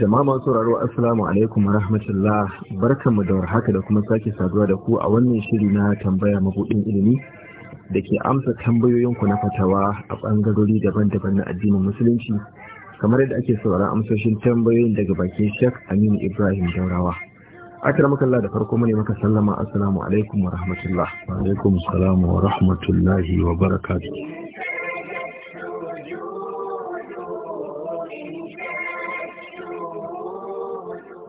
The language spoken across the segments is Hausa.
jama'a masu sauraro assalamu alaikum wa rahmatullah barkanmu da warhaka da kuma sake saduwa da ku a wannan shiri na tambaya mabudin ilimi da ke amsa tambayoyinku na fatawa a bangarori daban-daban na addinin musulunci kamar yadda ake sauraron amsoshin tambayoyin daga bakin Sheikh Aminu Ibrahim Daurawa akramaka Allah da farko mu ne maka sallama assalamu alaikum wa rahmatullah wa alaikum assalam wa rahmatullahi wa barakatuh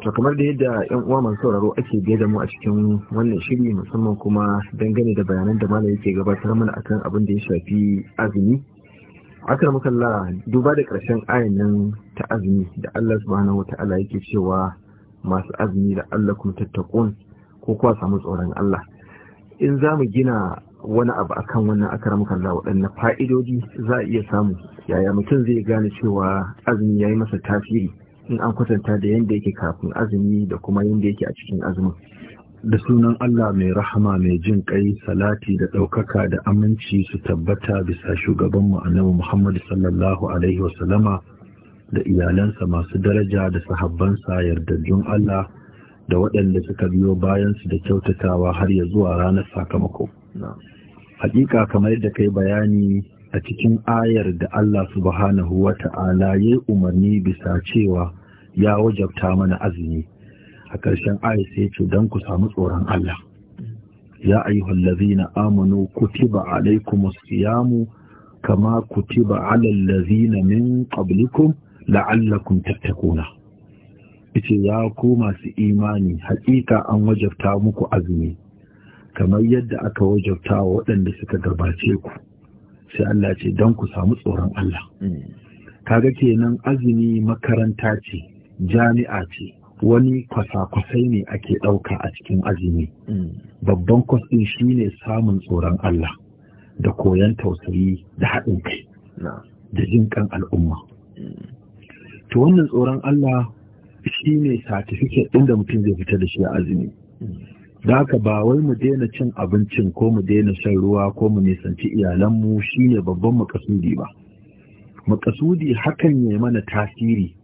to kamar da yadda yan uwa masu sauraro ake biye da mu a cikin wannan shiri musamman kuma dangane da bayanan da malam yake gabatar mana akan abin da ya shafi azumi akar Allah duba da karshen ayan nan ta azumi da Allah subhanahu wa ta'ala yake cewa masu azumi da Allah kuma tattakon ko kuwa samu tsoron Allah in za mu gina wani abu akan wannan akaramukan kalla waɗanne fa'idoji za a iya samu yaya mutum zai gane cewa azumi ya yi masa tasiri in an kwatanta da yadda yake kafin azumi da kuma yadda yake a cikin azumi? da sunan Allah mai rahama mai jin kai salati da ɗaukaka da aminci su tabbata bisa shugabanmu annabi Muhammad sallallahu alaihi wasallama da iyalansa masu daraja da sahabbansa yardaddun Allah da waɗanda suka biyo bayansu da kyautatawa har ya zuwa ranar sakamako. Hakika kamar da kai bayani a cikin ayar da Allah subhanahu wa ta'ala ya umarni bisa cewa ya wajabta mana azumi a ƙarshen ayar sai ce don ku samu tsoron Allah. Ya ayyuhal ladzina amanu kutiba alaikum siyamu kama kutiba alal na min qablikum la'allakum tattakuna yace ya ku masu imani hakika an wajabta muku azumi kamar yadda aka wajabta wa waɗanda suka gabace ku sai Allah ce don ku samu tsoron Allah kaga kenan azumi makaranta ce jami'a ce wani kwasa-kwasai ne ake ɗauka a cikin azumi babban kwas ɗin shine samun tsoron Allah da koyon tausayi da haɗin kai da jin al'umma to wannan tsoron Allah shi ne satifiket ɗin da mutum zai fita da shi a azumi da haka ba wai mu daina cin abincin ko mu daina shan ruwa ko mu nisanci iyalanmu shi ne babban makasudi ba makasudi hakan ya mana tasiri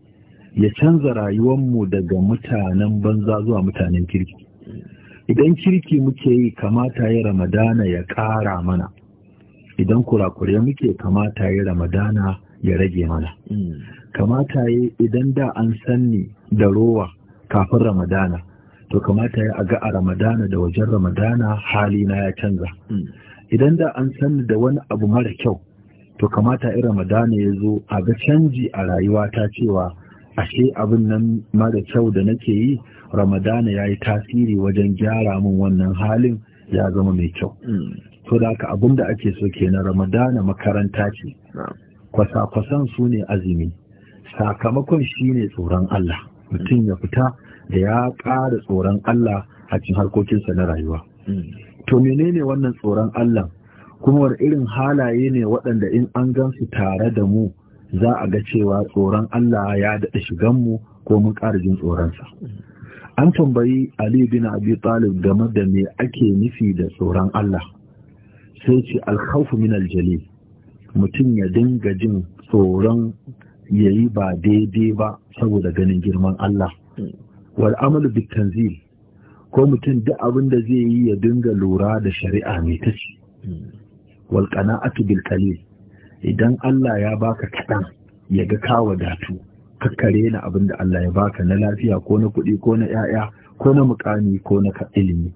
ya canza rayuwanmu daga mutanen banza zuwa mutanen kirki idan kirki muke yi kamata ya ramadana ya ƙara mana idan kurakure muke kamata ya ramadana ya rage mana mm. kamata ya idan da an sanni da rowa kafin ramadana to kamata ya ga a ramadana da wajen ramadana hali na ya canza hmm. idan da an sanni da wani abu mara kyau to kamata in ramadana ya zo a ga canji a rayuwa ta cewa ashe abin nan mara kyau da nake yi ramadana ya yi tasiri wajen gyara min wannan halin ya zama mai kyau hmm. to da haka abin da ake so kenan ramadana makaranta ce kwasa-kwasan su ne azumi sakamakon shine tsoron Allah mutum ya fita da ya ƙara tsoron Allah a cikin harkokinsa na rayuwa to menene wannan tsoron Allah kuma wani irin halaye ne waɗanda in an gan su tare da mu za a ga cewa tsoron Allah ya daɗa shiganmu ko mun ƙara jin tsoronsa. An tambayi Ali bin Abi Talib game da me ake nufi da tsoron Allah. Sai ce alkhawfu min aljali mutum ya dinga jin tsoron ya yi ba daidai ba saboda ganin girman Allah wal amalu bitan tanzil ko mutum duk abin da zai yi ya dinga lura da shari'a mai ta ce wal qana'atu bil qalil idan Allah ya baka kaɗan ya ga ka wadatu kakkare na abin da Allah ya baka na lafiya ko na kuɗi ko na 'ya'ya ko na mukami ko na ilimi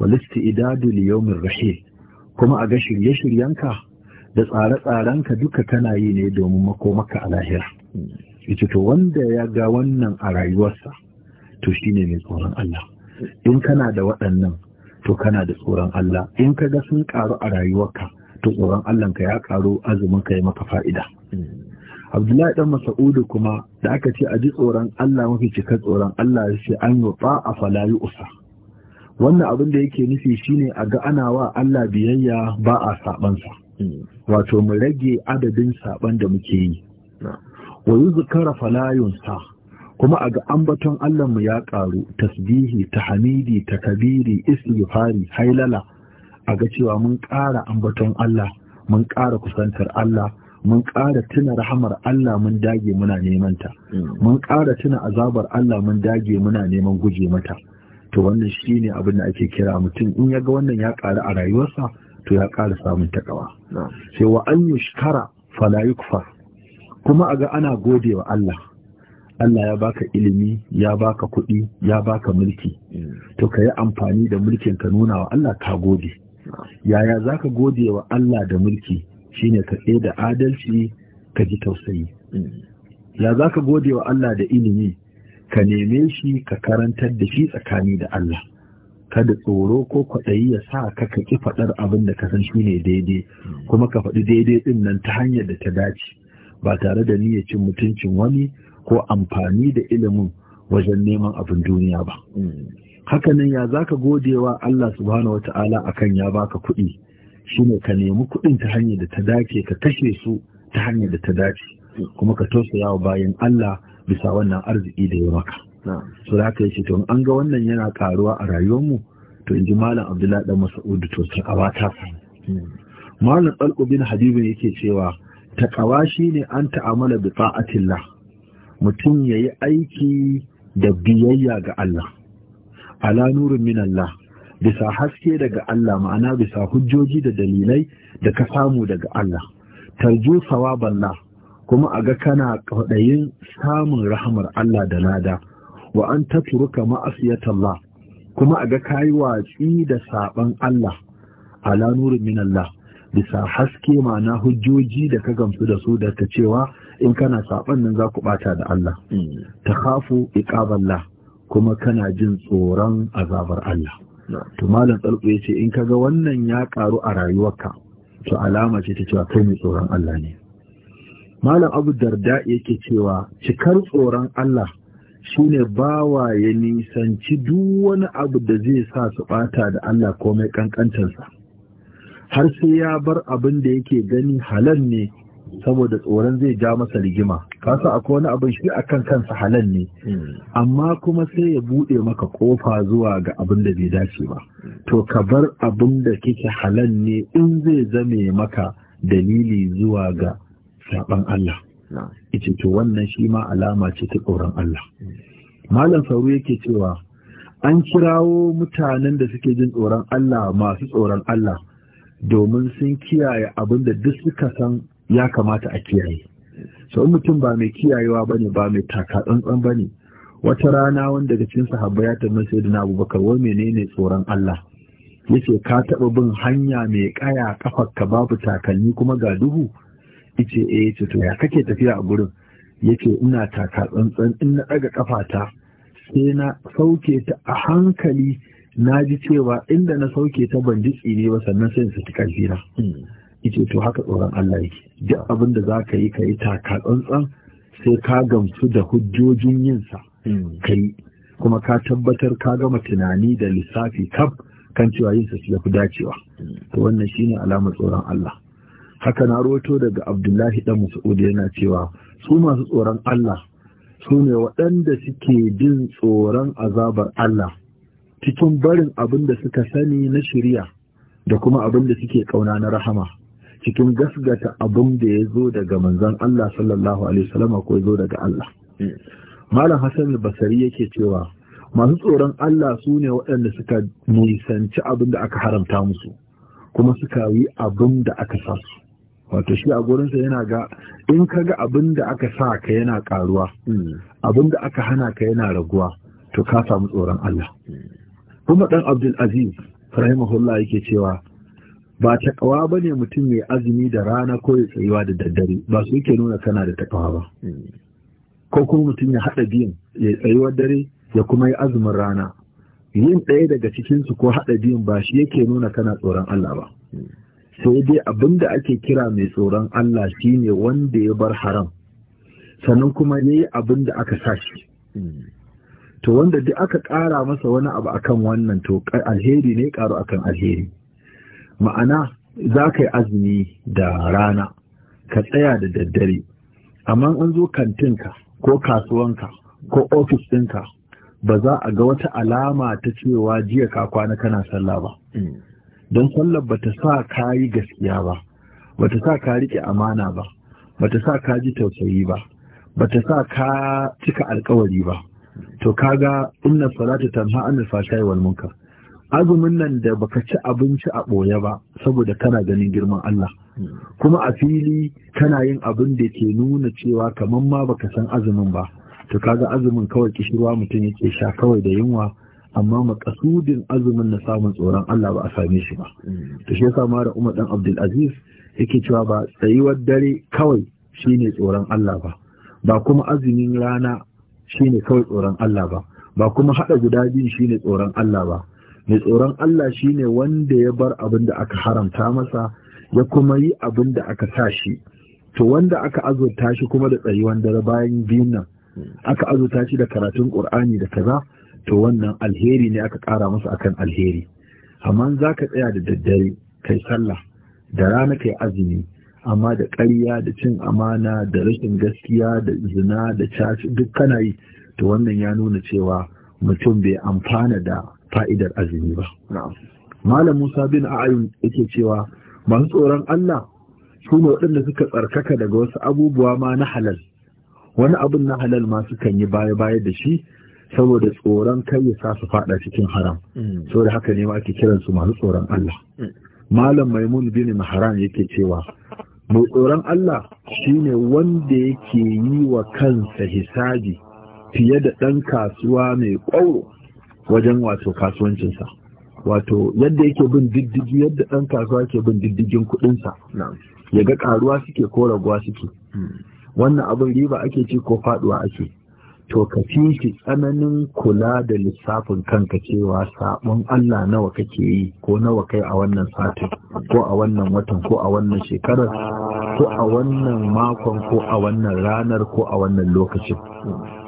walisti idadu li yawmin rahil kuma a ga shirye-shiryenka da tsare-tsarenka duka kana yi ne domin makomaka a lahira ita to wanda ya ga wannan a rayuwarsa to shine mai tsoron Allah in kana da waɗannan to kana da tsoron Allah in ka ga sun ƙaru a rayuwarka to tsoron Allah ka ya ƙaru azumin ka yi maka fa'ida Abdullahi ɗan Masa'udu kuma da aka ce a ji tsoron Allah mafi cikar tsoron Allah ya ce an yuta a falayi usa wannan abin da yake nufi shine a ga ana wa Allah biyayya ba a saɓansa. sa wato mu rage adadin saban da muke yi wa yuzkara falayun sa kuma a ga ambaton Allah mu ya karu tasbihi tahmidi kabiri istighfari hailala a ga cewa mun ƙara ambaton Allah mun ƙara kusantar Allah mun ƙara tuna rahamar Allah mun dage muna neman ta mun ƙara tuna azabar Allah mun dage muna neman guje mata to wannan shine abin da ake kira mutum in yaga wannan ya ƙaru a rayuwarsa to ya ƙara samun takawa sai wa an yushkara fala yukfar kuma ga ana gode wa Allah Allah ya baka ilimi ya baka kuɗi ya baka mulki mm. to ka yi amfani da mulkin ka nuna wa Allah ka gode yaya za ka gode wa Allah da mulki shine ka da adalci ka ji tausayi mm. ya za ka gode wa Allah da ilimi ka neme shi ka karantar da shi tsakani da Allah kada tsoro ko kwaɗayi ya sa ka ka ki faɗar abin da ka san shi ne daidai kuma ka faɗi daidai ɗin nan ta hanyar da ta dace ba tare da niyyar cin mutuncin wani ko amfani da ilimin wajen neman abin duniya ba hakanan ya za ka gode wa Allah subhanahu a kan ya baka kuɗi Shi ne ka nemi kuɗin ta hanyar da ta dace ka kashe su ta hanyar da ta dace kuma ka tausaya wa bayan Allah bisa wannan arziki da ya maka. Su za ka yi to an ga wannan yana karuwa a rayuwarmu to in ji malam abdullahi dan mas'ud to ta su malam tsalko bin ya yake cewa takawa shine an ta'amala bi ta'atillah mutum yi aiki da biyayya ga Allah ala nurin min Allah bisa haske daga Allah ma'ana bisa hujjoji da dalilai da ka samu daga Allah tarju sawaballah kuma a aga kana kwaɗayin samun rahamar Allah da lada wa an tatruka ma'asiyatallah kuma a ga kayi watsi da saban Allah ala nurin min Allah bisa haske ma'ana hujjoji da ka gamsu da su da ta cewa in kana saban nan za ku bata da Allah hmm. ta khafu iqaballah kuma kana jin tsoron azabar Allah to malam tsalko yace in kaga wannan ya karu a rayuwarka to alama ce ta cewa kai mai tsoron Allah ne malam Abu Darda yake cewa cikar tsoron Allah shine bawa ya nisanci duk wani abu da zai sa su bata da Allah komai kankantarsa har sai ya bar abin da yake gani halal ne saboda tsoron zai ja masa rigima kasa akwai wani abin shi akan kansa halal ne hmm. amma kuma sai ya bude maka kofa zuwa ga abin da bai dace ba to ka bar abin da kike halal ne in zai zame maka dalili zuwa ga saban Allah ita to wannan shi ma alama ce ta tsoron Allah malam sauru yake cewa an kirawo mutanen da suke jin tsoron Allah masu tsoron Allah domin sun kiyaye abin da duk suka san ya kamata a kiyaye Sau mutum ba mai kiyayewa bane ba mai taka tsantsan bane wata rana wanda daga cikin sahabba ya tambaye na Abubakar wai menene tsoron Allah yace ka taɓa bin hanya mai ƙaya ƙafarka babu takalmi kuma ga duhu ice eh, ya ce to ya kake tafiya a gurin yake ina taka tsantsan in na ɗaga ƙafata sai na sauke ta a hankali na ji cewa inda na sauke ta ban ji tsine ba sannan sai su karfi na ice hmm. to haka tsoron Allah yake duk abin da zaka yi ka yi taka tsantsan sai ka gamsu da hujjojin yinsa sa hmm. kai kuma ka tabbatar ka gama tunani da lissafi kaf kan cewa yinsa shi ya fi dacewa hmm. to wannan shine alamar tsoron Allah haka na roto daga abdullahi dan mas'ud yana cewa su masu tsoron Allah su ne waɗanda suke jin tsoron azabar Allah cikin barin abin da suka sani na shirya da kuma abin da suke ƙauna na rahama cikin gasgata abin da ya zo daga manzon Allah sallallahu alaihi wasallama ko ya zo daga Allah Malam Hassan Basari yake cewa masu tsoron Allah su ne waɗanda suka nisanci abin da aka haramta musu kuma suka yi abin da aka sa wato shi a gurinsa yana ga in ka ga abin da aka sa ka yana karuwa abin da aka hana ka yana raguwa to ka samu tsoron Allah kuma dan Abdul Aziz rahimahullah yake cewa ba takawa ba ne mutum mai azumi da rana ko ya tsayuwa da daddare ba su yake nuna kana da takawa ba ko kuma mutum ya haɗa biyun ya tsayuwa dare ya kuma yi azumin rana yin ɗaya daga cikinsu ko haɗa biyan ba shi yake nuna kana tsoron Allah ba sai dai abin da ake kira mai tsoron Allah shine wanda ya bar haram sannan kuma ya abin da aka sa to wanda duk aka ƙara masa wani abu akan wannan to alheri ne karu akan alheri ma'ana za ka yi azumi da rana ka tsaya da daddare amma an zo kantinka ko kasuwanka ko ofis ɗinka ba za a ga wata alama ta cewa jiya ka kwana kana sallah ba. don sallar bata sa ka yi gaskiya ba bata sa ka riƙe amana ba bata sa ka ji tausayi ba bata sa ka cika alkawari ba to kaga inna salata tanha anil fashai wal munkar azumin nan da baka ci abinci a ɓoye ba saboda kana ganin girman Allah kuma a fili kana yin abin da ke nuna cewa kamar ma baka san azumin ba to kaga azumin kawai kishirwa mutum yake sha kawai da yunwa amma makasudin azumin na samun tsoron Allah ba a same shi ba mm. to shi yasa da Umar dan Abdulaziz Aziz yake cewa ba tsayuwar dare kawai shine tsoron Allah ba ba kuma azumin rana shine kawai tsoron Allah ba ba kuma haɗa guda biyu shine tsoron Allah ba mai tsoron Allah shine wanda ya bar abin da aka haramta masa ya kuma yi abin da aka sa shi to wanda aka azurta shi kuma da tsayuwar dare bayan biyun nan mm. aka azurta shi da karatun Qur'ani da kaza to wannan alheri ne aka ƙara musu akan alheri amma za ka tsaya da daddare kai sallah da rana kai azumi amma da ƙarya da cin amana da rashin gaskiya da zina da caci duk kana yi to wannan ya nuna cewa mutum bai amfana da fa'idar azumi ba malam musa bin a'ayun yake cewa masu tsoron allah su ne waɗanda suka tsarkaka daga wasu abubuwa ma na halal wani abin na halal masu sukan yi baya baya da shi saboda tsoron kai ya sa su fada cikin haram mm. saboda haka ne ma ake kiran su masu tsoron Allah mm. malam maimun bin maharan yake cewa mai tsoron Allah shine wanda yake yi wa kansa hisabi fiye da ɗan kasuwa mai ƙwauro wajen wato kasuwancinsa wato yadda yake bin diddigi yadda ɗan kasuwa ke bin diddigin kuɗinsa ya ga ƙaruwa suke ko raguwa suke mm. wannan abin riba ake ci ko faɗuwa ake to ka fi shi tsananin kula da lissafin kanka cewa sabon Allah nawa kake yi ko nawa kai a wannan satin ko a wannan watan ko a wannan shekarar ko a wannan makon ko a wannan ranar ko a wannan lokacin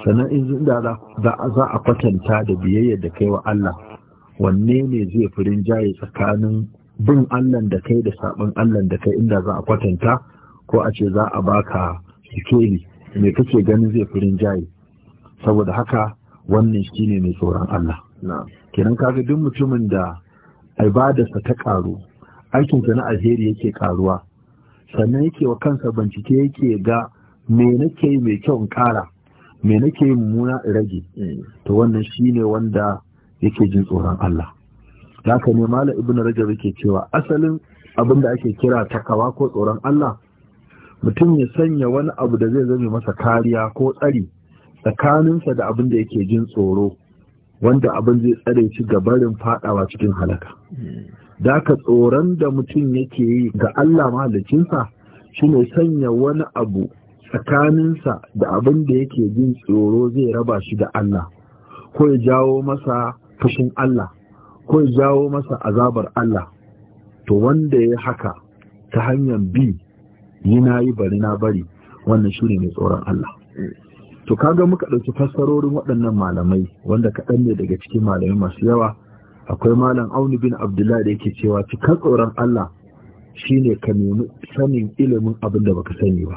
sannan in da za a kwatanta da biyayya da kai wa Allah wanne ne zai fi rinjaye tsakanin bin Allah da kai da sabon Allah da kai inda za a kwatanta ko a ce za a baka sikeli me kake ganin zai fi rinjaye saboda haka wannan shine mai tsoron Allah kenan kaga duk mutumin da ibadarsa ta karu aikinsa na alheri yake ƙaruwa, sannan yake wa kansa bincike yake ga me nake yi mai kyau in kara me nake yi mummuna in rage mm. to wannan shine wanda yake jin tsoron Allah haka ne malam ibnu rajab yake cewa asalin abin da ake kira takawa ko tsoron Allah mutum ya sanya wani abu da zai zame masa kariya ko tsari tsakaninsa da abin da yake jin tsoro wanda abin zai tsare shi ga barin fadawa cikin halaka da ka tsoron da mutum yake yi ga Allah mahalicinsa ne sanya wani abu tsakaninsa da abin da yake jin tsoro zai raba shi da Allah ko ya jawo masa fushin Allah ko ya jawo masa azabar Allah to wanda ya haka ta hanyar bi yi na yi bari na bari wannan shi ne mai tsoron Allah to kaga muka ɗauki fassarorin waɗannan malamai wanda kaɗan ne daga cikin malamai masu yawa akwai malam auni bin abdullahi da yake cewa cikar tsoron Allah shine ka nemi sanin ilimin abin da baka sani ba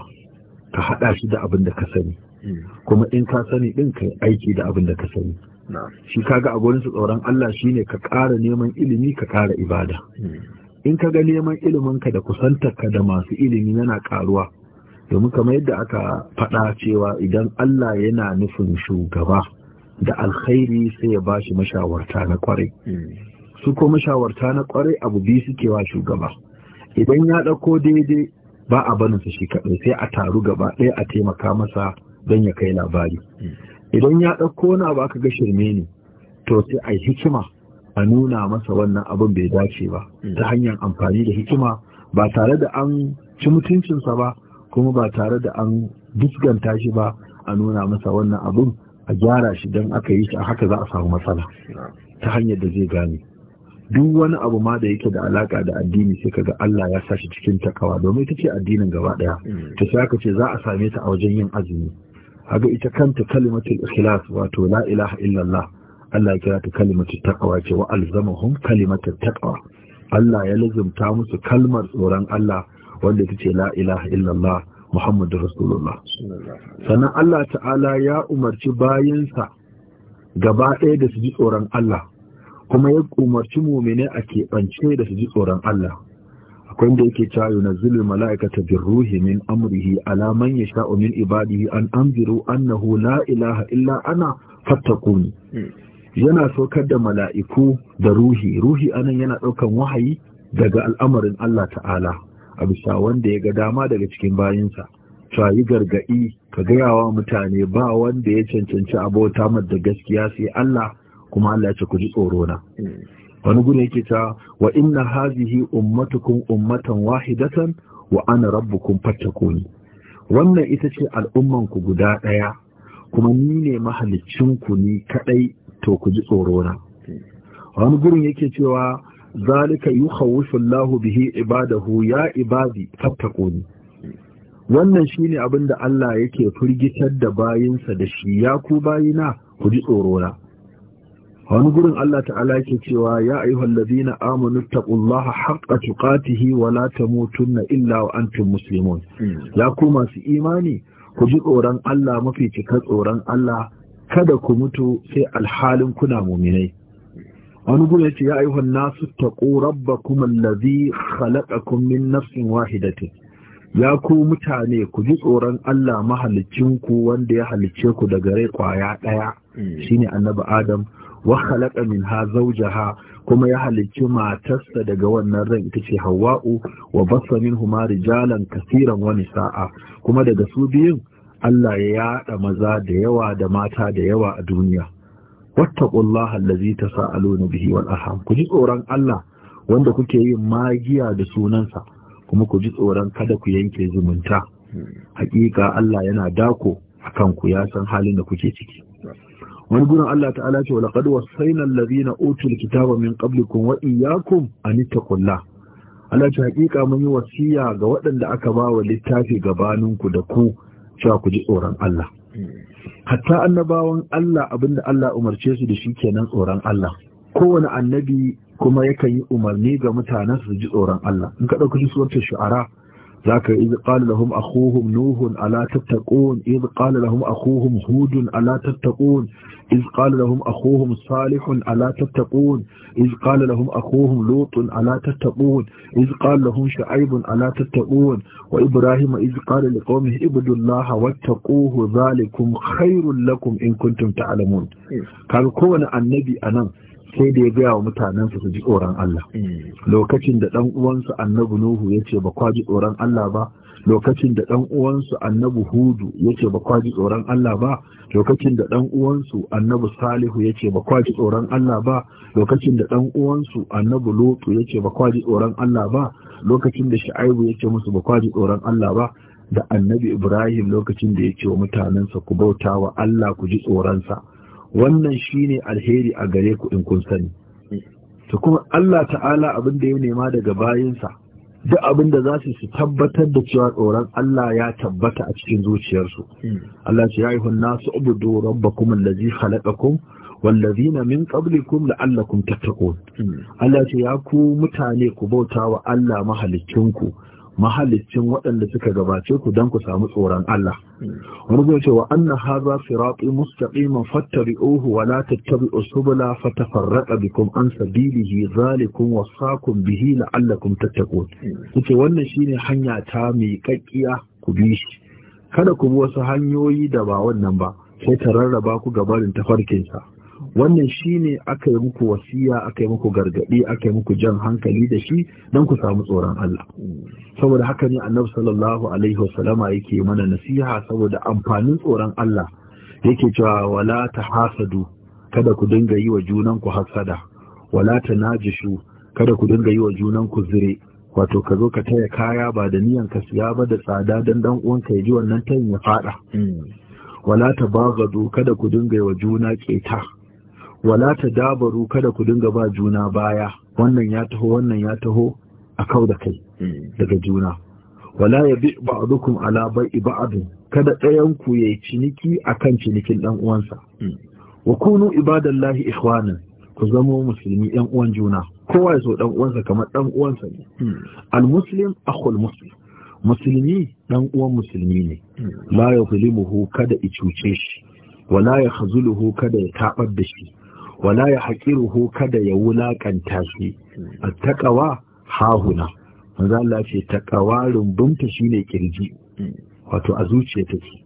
ka haɗa shi da abin da ka sani hmm. kuma in ka sani ɗin ka aiki da abin da ka sani shi kaga a gurin su tsoron Allah shine ka ƙara neman ilimi ka ƙara ibada hmm. in ka ga neman ilimin ka da kusantar da masu ilimi yana ƙaruwa domin kamar yadda aka faɗa cewa idan Allah yana nufin shugaba da alkhairi sai ya bashi mashawarta na kwarai su ko mashawarta na kwarai abu biyu suke wa shugaba idan ya ɗauko daidai ba a barin su shi kaɗai sai a taru gaba ɗaya a taimaka masa don ya kai labari idan ya ɗauko na ba ka ga shirme ne to sai a hikima a nuna masa wannan abin bai dace ba ta hanyar amfani da hikima ba tare da an ci mutuncinsa ba kuma ba tare da an duskanta shi ba a nuna masa wannan abun a gyara shi don aka yi shi a haka za a samu matsala ta hanyar da zai gane duk wani abu ma da yake da alaka da addini sai kaga Allah ya sa cikin takawa domin ita ce addinin gaba daya mm. ta sai aka ce za a same ta a wajen yin azumi haka ita kanta kalimatul ikhlas wato la ilaha illallah Allah ya kira ta kalimatul takawa ce wa alzamahum kalimatul takawa Allah ya lazumta musu kalmar tsoron Allah wanda ita ce la ilaha illallah Muhammadu Rasulullah. Sannan Allah ta'ala ya umarci bayansa gaba ɗaya da su ji tsoron Allah, kuma ya umarci mumine a keɓance da su ji tsoron Allah. Akwai da yake cewa yunazzilu mala'ikata bin ruhi min amrihi alaman man yasha'u min ibadihi an anziru annahu la ilaha illa ana fattakuni. Yana saukar da mala'iku da ruhi, ruhi anan yana ɗaukan wahayi daga al'amarin Allah ta'ala. a bisa wanda ya ga dama daga cikin bayinsa ta yi gargaɗi ka gaya wa mutane ba wanda ya cancanci abota mar da gaskiya sai Allah kuma Allah ya ce ku ji tsoro na wani gune yake ta wa inna hazihi ummatukum ummatan wahidatan wa ana rabbukum fattakuni wannan ita ce al'umman ku guda ɗaya kuma ni ne mahalicin ku ni kaɗai to ku ji tsoro na wani gurin yake cewa zalika yukhawwifu Allahu bihi ibadahu ya ibadi fattaquni wannan shine abin da Allah yake firgitar da bayinsa da shi ya ku bayina ku ji tsoro na wani gurin Allah ta'ala yake cewa ya ayyuhal ladina amanu taqullaha haqqa tuqatihi wa la tamutunna illa wa antum muslimun ya ku masu imani ku ji tsoron Allah mafi cika tsoron Allah kada ku mutu sai alhalin kuna muminai wani gudu ya ce ya ayyuhan nasu ba kuma allazi khalaqakum min nafsin wahidati. ya ku mutane ku ji tsoron Allah mahalicinku wanda ya halicce ku daga rai kwaya ɗaya hmm. shine annabi Adam wa khalaqa minha zawjaha kuma ya halicci matarsa daga wannan ran ita ce Hawwa'u wa bassa minhuma rijalan kaseeran wani sa'a, kuma daga su biyun Allah ya yaɗa maza da yawa da mata da yawa a duniya ta sa allazi tasaaluna bihi wal arham ku ji tsoron Allah wanda kuke yin magiya da sunansa kuma ku ji tsoron kada ku yanke zumunta hakika Allah yana dako akan ku ya san halin da kuke ciki wani gurin Allah ta'ala ce walaqad wasaina allazina utul kitaba min qablikum wa iyyakum an Allah ce hakika mun yi wasiya ga waɗanda aka ba wa littafi gabaninku da ku cewa ku ji tsoron Allah hatta annabawan Allah abinda Allah umarce su da shi kenan tsoron Allah kowane annabi kuma yakan yi umarni ga mutanen su ji tsoron Allah in ka ɗauki wata shu'ara ذاك إذ قال لهم أخوهم نوح ألا تتقون إذ قال لهم أخوهم هود ألا تتقون إذ قال لهم أخوهم صالح ألا تتقون إذ قال لهم أخوهم لوط ألا تتقون إذ قال لهم شعيب ألا تتقون وإبراهيم إذ قال لقومه اعبدوا الله واتقوه ذلكم خير لكم إن كنتم تعلمون قال كون النبي أنا sai da ya gaya wa mutanensa su ji tsoron Allah hmm. lokacin da ɗan uwansu annabi Nuhu ya ce ba kwaji tsoron Allah ba lokacin da ɗan uwansu annabi Hudu ya ce ba kwaji tsoron Allah ba lokacin da ɗan uwansu annabi Salihu ya ce ba kwaji tsoron Allah ba lokacin da ɗan uwansu annabi Lutu ya ce ba kwaji tsoron Allah ba lokacin da Shu'aibu ya ce musu ba kwaji tsoron Allah ba da annabi Ibrahim lokacin da ya ce wa mutanensa ku bauta wa Allah ku ji tsoronsa. wannan shine alheri a gare ku in kun sani to kuma Allah ta'ala abin da ya nema daga bayansa, duk abin da za su su tabbatar da cewa tsoron Allah ya tabbata a cikin zuciyarsu Allah ce ya yi hunna su ubudu rabbakum allazi khalaqakum wallazina min qablikum la'allakum tattaqun hmm. Allah ce ya ku mutane ku bauta wa Allah mahalicinku mahalicin waɗanda suka gabace ku don ku samu tsoron Allah. Wani zai ce wa anna haza sirati mustaqiman fattabi'uhu wa la tattabi'u subula fatafarraqa bikum an sabilihi zalikum wasaqum bihi la'allakum tattaqun. Kuce wannan shine hanya ta miƙaƙƙiya ku bi shi. Kada ku bi wasu hanyoyi da ba wannan ba sai ta rarraba ku gabarin tafarkinsa. wannan shine aka yi muku wasiya aka yi muku gargaɗi aka yi muku jan hankali da shi don ku samu tsoron Allah saboda haka ne annabi sallallahu alaihi wasallama yake mana nasiha saboda amfanin tsoron Allah yake cewa wala ta hasadu kada ku dinga yi wa junan ku hasada wala shu, kada ku dinga yi wa junan ku zire wato ka zo ka taya kaya ba da niyan ka siya ba da tsada dan dan uwanka ya ji wannan tayin ya fada hmm. wala tabagadu kada ku dinga yi wa juna ƙeta. wala ta dabaru kada ku dinga ba juna baya wannan ya taho wannan ya taho a kau da kai daga juna wala ya bi ba'dukum ala bai'i ba'dun kada ɗayan ku yayi ciniki akan cinikin dan uwansa wa kunu ibadallahi ikhwanan ku zama musulmi ɗan uwan juna kowa ya so ɗan uwansa kamar ɗan uwansa ne al muslim akhul muslim musulmi ɗan uwan musulmi ne la yuzlimuhu kada i cuce shi wala ya khazuluhu kada ya tabar da shi wala ya haƙiruhu kada ya wulaƙanta shi a taƙawa hahuna manzo Allah ce taƙawa rumbunta shine kirji wato a zuciya take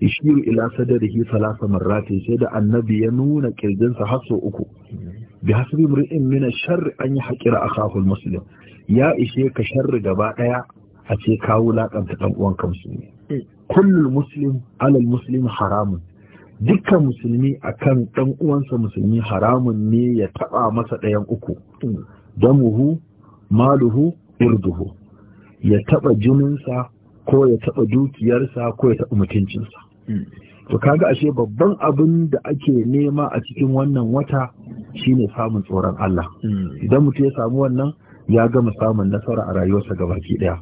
ishiru ila sadarihi salasa marrati sai da annabi ya nuna kirjinsa har sau uku bi hasbi mri'in min sharri an yi yahqira a al-muslim ya ishe ka sharri gaba ɗaya, a ce ka wulaƙanta ɗan uwanka musulmi Kullum muslim alal muslim haramun dukkan musulmi akan ɗan uwansa musulmi haramun ne ya taɓa masa ɗayan uku damuhu maluhu urduhu ya taɓa jininsa ko ya taɓa dukiyarsa ko ya taɓa mutuncinsa to kaga ashe babban abin da ake nema a cikin wannan wata shine samun tsoron Allah idan mutum ya samu wannan ya gama samun nasara a rayuwarsa gabaki daya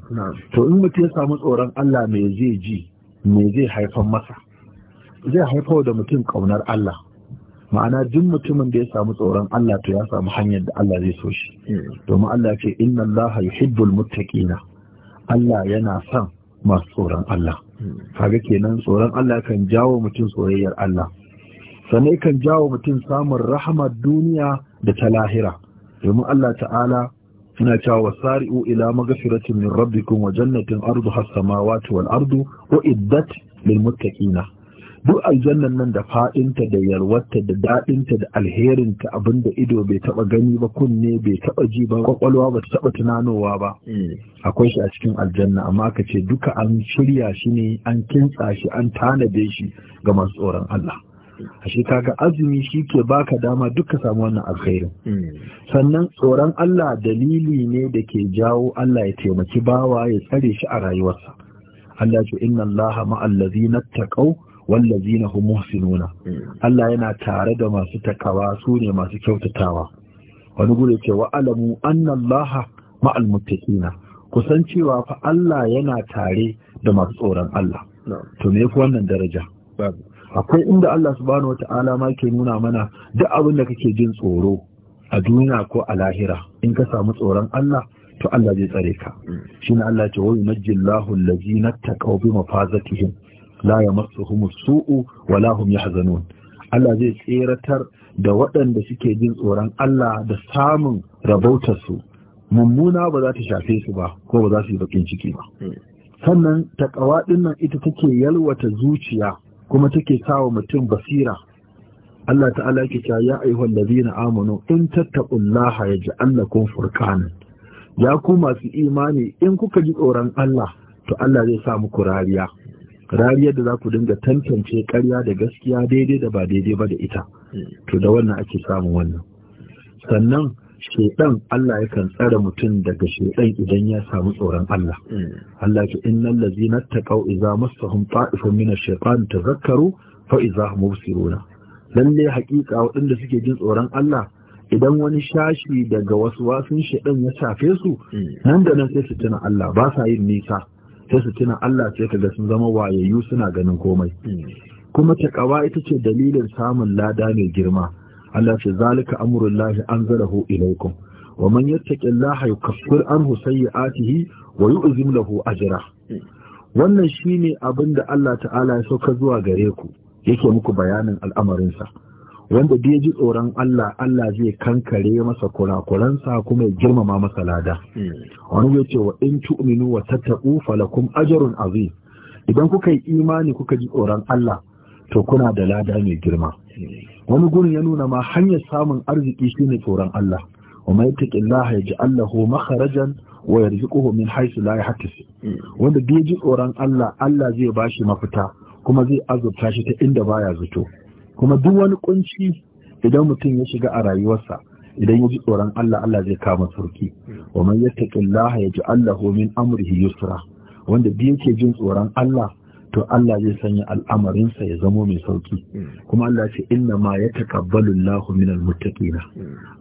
to in mutum ya samu tsoron Allah me zai ji me zai haifar masa zai haifar da mutum ƙaunar Allah ma'ana jin mutumin da ya samu tsoron Allah to ya samu hanyar da Allah zai so shi domin Allah ce inna Allah yuhibbul muttaqina Allah yana son masu tsoron Allah kaga kenan tsoron Allah kan jawo mutum soyayyar Allah sannan kan jawo mutum samun rahamar duniya da ta lahira domin Allah ta'ala suna cewa wasari'u ila maghfiratin min rabbikum wa jannatin ardu as-samawati wal ardu wa iddat lil muttaqina duk aljannan nan da fa'inta da yarwarta da daɗinta da alherinta abinda ido bai taɓa gani ba kunne bai taɓa ji ba kwakwalwa ba ta taɓa tunanowa ba hmm. akwai shi a cikin aljanna amma ka ce duka an shirya shi ne an kintsa shi an tanade shi ga masu tsoron Allah shi kaga azumi shi ke baka dama duka samu wannan alkhairin hmm. sannan tsoron Allah dalili ne da ke jawo Allah ya taimaki bawa ya tsare shi a rayuwarsa Allah ce inna Allah ma'allazina taqaw wallazina hum muhsinuna hmm. Allah yana tare da masu takawa su ne masu kyautatawa wani gure ce wa alamu anna Allah ma'al muttaqina kusan cewa fa Allah yana tare da masu tsoron Allah to me yafi wannan daraja akwai inda Allah subhanahu wata'ala ma ke nuna mana duk abin da kake jin tsoro a duniya ko a lahira in ka samu tsoron Allah to Allah zai tsare ka hmm. shine Allah ya ce wa yunajjillahu allazina taqaw bi mafazetihim la yamassuhum su'u wala hum yahzanun Allah zai tseratar da waɗanda suke jin tsoron Allah da samun su mummuna ba za ta shafe su ba ko ba za su yi bakin ciki ba sannan takawa ɗin nan ita take yalwata zuciya kuma take sawa mutum basira Allah ta'ala yake cewa ya ayyuhal ladzina amanu in tattaqullaha yaj'al lakum furqanan ya ku masu imani in kuka ji tsoron Allah to Allah zai sa muku rariya rariyar da za ku dinga tantance karya da gaskiya daidai da ba daidai ba da ita to da wannan ake samun wannan sannan shaidan Allah yakan tsare mutum daga shaidan idan ya samu tsoron Allah Allah ke innal ladzina taqaw idza massahum ta'ifun min ash-shaytan tazakkaru fa idza hum mubsiruna lalle hakika waɗanda suke jin tsoron Allah idan wani shashi daga wasu wasun shaidan ya shafe su nan da nan sai su tuna Allah ba sa yin nisa sai su tuna Allah sai kaga sun zama wayayyu suna ganin komai kuma ta kawa ita ce dalilin samun lada mai girma Allah ce zalika amrullahi anzalahu ilaikum wa man yattaqillaha yukaffir anhu sayi'atihi wa yu'zim lahu ajra wannan shine abin da Allah ta'ala ya sauka zuwa gare ku yake muku bayanin al'amarinsa. sa wanda da ji tsoron Allah Allah zai kankare masa kurakuransa kuma ya girmama masa lada hmm. wani zai ce wa in tu'minu wa tattaqu falakum ajrun azim idan kuka yi imani kuka ji tsoron Allah to kuna da lada mai girma hmm. wani gurin ya nuna ma hanyar samun arziki shine tsoron Allah wa mai taqillaha yaj'al lahu makharajan wa yarzuquhu min haythu la yahtasib hmm. wanda da ji tsoron Allah Allah zai bashi mafita kuma zai azurta shi ta inda baya zato kuma duk wani kunci idan mutum ya shiga a rayuwarsa idan ya ji tsoron Allah Allah zai kama sauki wa man yattaqillaha yaj'al allahu min amrihi yusra wanda biyu ke jin tsoron Allah to Allah zai sanya al'amarinsa ya zamo mai sauki kuma Allah ce inna ma ya taqabbalu Allahu min almuttaqina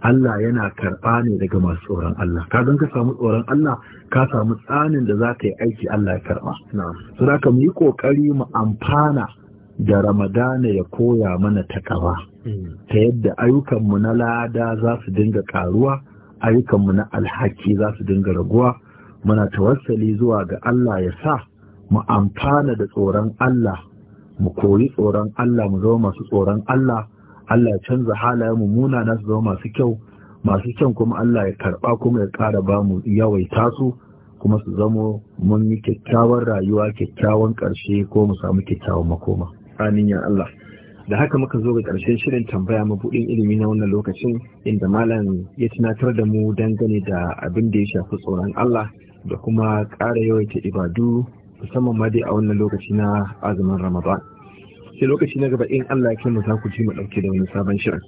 Allah yana karɓa ne daga masu tsoron Allah ka ka samu tsoron Allah ka samu tsanin da za ka yi aiki Allah ya karɓa. so zaka mu yi ƙoƙari mu amfana da ramadana ya koya mana taƙawa hmm. ta yadda ayyukanmu na lada za su dinga ƙaruwa ayyukanmu na alhaki za su dinga raguwa muna tawassali zuwa ga Allah ya sa mu amfana da tsoron Allah mu koyi tsoron Allah mu zama masu tsoron Allah Allah ya canza halayen mummuna na su zama masu kyau masu kyan kuma Allah ya karɓa kuma ya ƙara ba mu yawaita su kuma su zamo mun yi kyakkyawan rayuwa kyakkyawan ƙarshe ko mu samu kyakkyawan makoma. amin ya Allah da haka muka zo ga ƙarshen shirin tambaya mabuɗin ilimi na wannan lokacin inda malam ya tunatar da mu dangane da abin da ya shafi tsoron Allah da kuma ƙara yawaita ibadu musamman ma dai a wannan lokaci na azumin Ramadan. Sai lokaci na gaba in Allah ya kai mu za ku ji mu ɗauke da wani sabon shirin.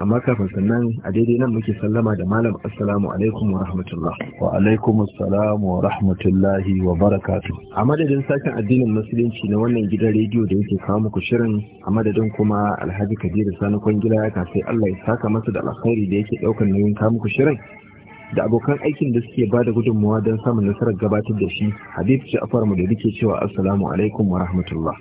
amma kafin sannan a daidai nan muke sallama da malam assalamu alaikum wa rahmatullah wa alaikum assalamu wa rahmatullahi wa barakatu a madadin sakin addinin musulunci na wannan gidan rediyo da yake kawo muku shirin a madadin kuma alhaji kabiru sani kwangila ya kasai allah ya saka masa da alkhairi da yake daukan nauyin kawo muku shirin da abokan aikin da suke ba da gudunmawa don samun nasarar gabatar da shi habib ja'far mu da rike cewa assalamu alaikum wa rahmatullah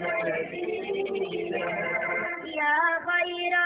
المدينة يا خير